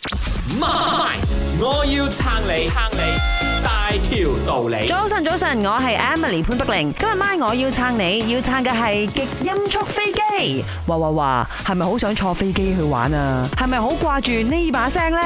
Ine，我要撐你，撐你大條道理。早晨，早晨，我係 Emily 潘德玲。今日晚我要撐你，要撐嘅係極音速飛機。哇哇哇，係咪好想坐飛機去玩啊？係咪好掛住呢把聲呢？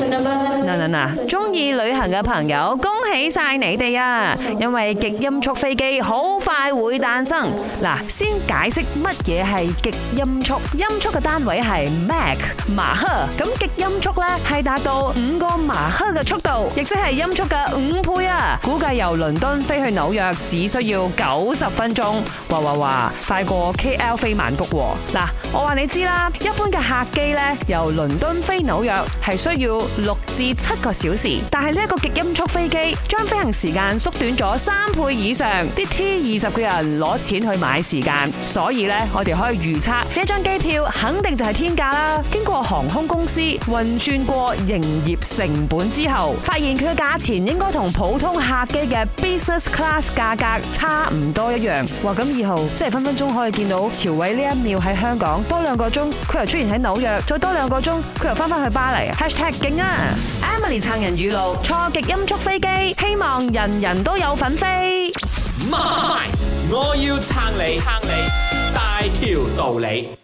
嗱嗱嗱，中意旅行嘅朋友。高恭喜曬你哋啊！因為極音速飛機好快會誕生。嗱，先解釋乜嘢係極音速。音速嘅單位係 Mac 馬赫，咁極音速呢，係達到五個馬赫嘅速度，亦即係音速嘅五倍啊！估計由倫敦飛去紐約只需要九十分鐘，哇哇哇，快過 KL 飛曼谷喎！嗱，我話你知啦，一般嘅客機呢，由倫敦飛紐約係需要六至七個小時，但係呢一個極音速飛機，將飛行時間縮短咗三倍以上，啲 T 二十個人攞錢去買時間，所以呢，我哋可以預測呢張機票肯定就係天價啦。經過航空公司運算過營業成本之後，發現佢嘅價錢應該同普通客機嘅 Business Class 價格差唔多一樣。哇！咁以後即係分分鐘可以見到朝偉呢一秒喺香港多兩個鐘，佢又出現喺紐約，再多兩個鐘佢又翻返去巴黎。Hashtag 勁啊！Emily 撐人語錄，錯極音速飛機。希望人人都有份飛，我要撐你，撐你，大條道理。